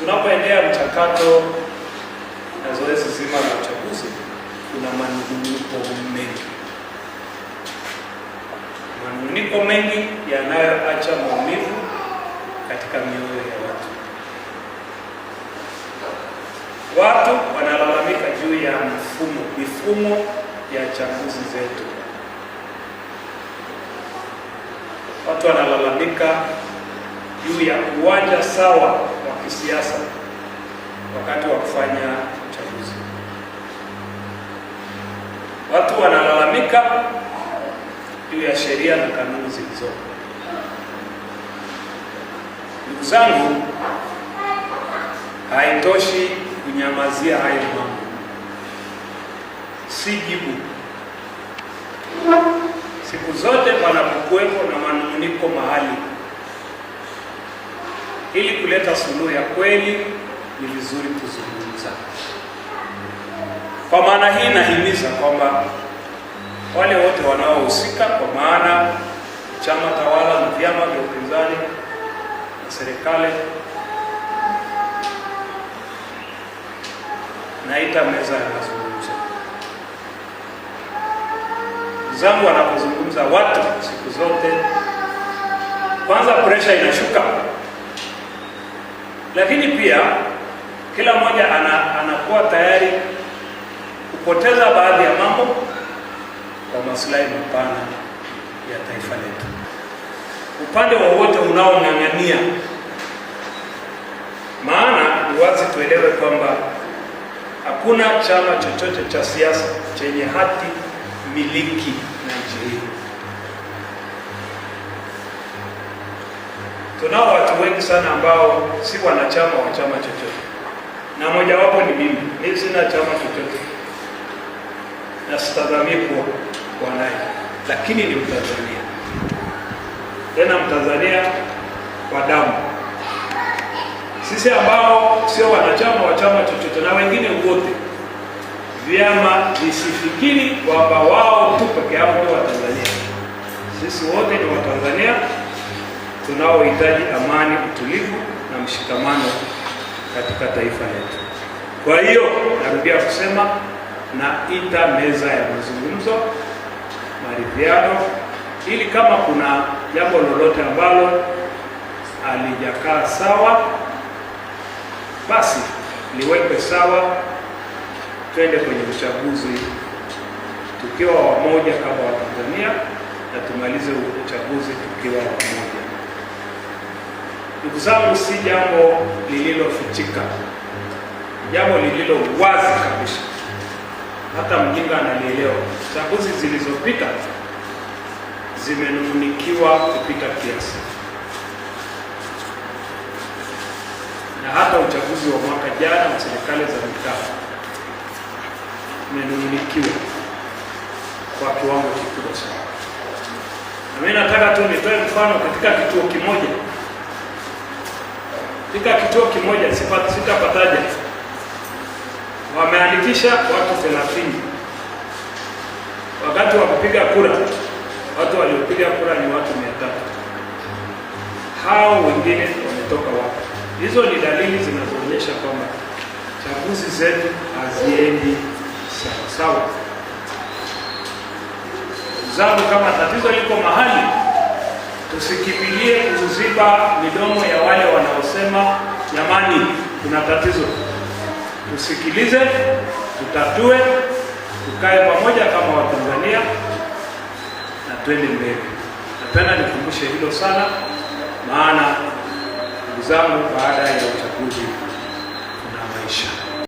tunapoendea mchakato na zoezi zima la uchaguzi, kuna manunguniko mengi, manunguniko mengi yanayoacha maumivu katika mioyo ya watu. Watu wanalalamika juu ya mfumo, mifumo ya chaguzi zetu. Watu wanalalamika juu ya uwanja sawa kisiasa wakati wa kufanya uchaguzi. Watu wanalalamika juu ya sheria na kanuni zilizopo. Ndugu zangu, haitoshi kunyamazia hayo mambo, si jibu. Siku zote panapokuwepo na manunguniko mahali ili kuleta suluhu ya kweli, ni vizuri kuzungumza. Kwa maana hii, nahimiza kwamba wale wote wanaohusika, kwa maana chama tawala na vyama vya upinzani na serikali, naita meza ya mazungumzo. Zangu wanapozungumza watu siku zote, kwanza presha inashuka. Lakini pia kila mmoja ana, anakuwa tayari kupoteza baadhi ya mambo kwa maslahi mapana ya taifa letu. Upande wowote unaong'ang'ania, maana ni wazi tuelewe kwamba hakuna chama chochote cha siasa chenye hati miliki na nchi hii. Tunao watu wengi sana ambao si wanachama wa chama chochote, na mojawapo ni mimi. Mimi sina chama chochote na sitazamii kuwa naye, lakini ni Mtanzania, tena Mtanzania kwa damu. Sisi ambao sio wanachama wa chama chochote na wengine wote, vyama visifikiri kwamba wao tu peke yao ndio Watanzania. Sisi wote ni Watanzania tunaohitaji amani, utulivu na mshikamano katika taifa letu. Kwa hiyo narudia kusema naita meza ya mazungumzo, maridhiano, ili kama kuna jambo lolote ambalo alijakaa sawa, basi liwekwe sawa, twende kwenye uchaguzi tukiwa wamoja kama Watanzania na tumalize uchaguzi tukiwa wamoja. Ndugu zangu, si jambo lililofichika, jambo lililo wazi kabisa, hata mjinga analielewa. Chaguzi zilizopita zimenungunikiwa kupita kiasi, na hata uchaguzi wa mwaka jana wa serikali za mitaa umenungunikiwa kwa kiwango kikubwa sana, na mimi nataka tu nitoe mfano katika kituo kimoja katika kituo kimoja sipati sitapataje, wameandikisha watu 30 Wakati wa kupiga kura, watu waliopiga kura ni watu 300. Hao wengine wametoka wapi? Hizo ni dalili zinazoonyesha kwamba chaguzi zetu haziendi sawasawa zangu kama tatizo liko mahali usikimbilie kuziba midomo ya wale wanaosema jamani, kuna tatizo. Tusikilize, tutatue, tukae pamoja kama Watanzania na twende mbele. Napenda nikumbushe hilo sana, maana ndugu zangu, baada ya uchaguzi kuna maisha.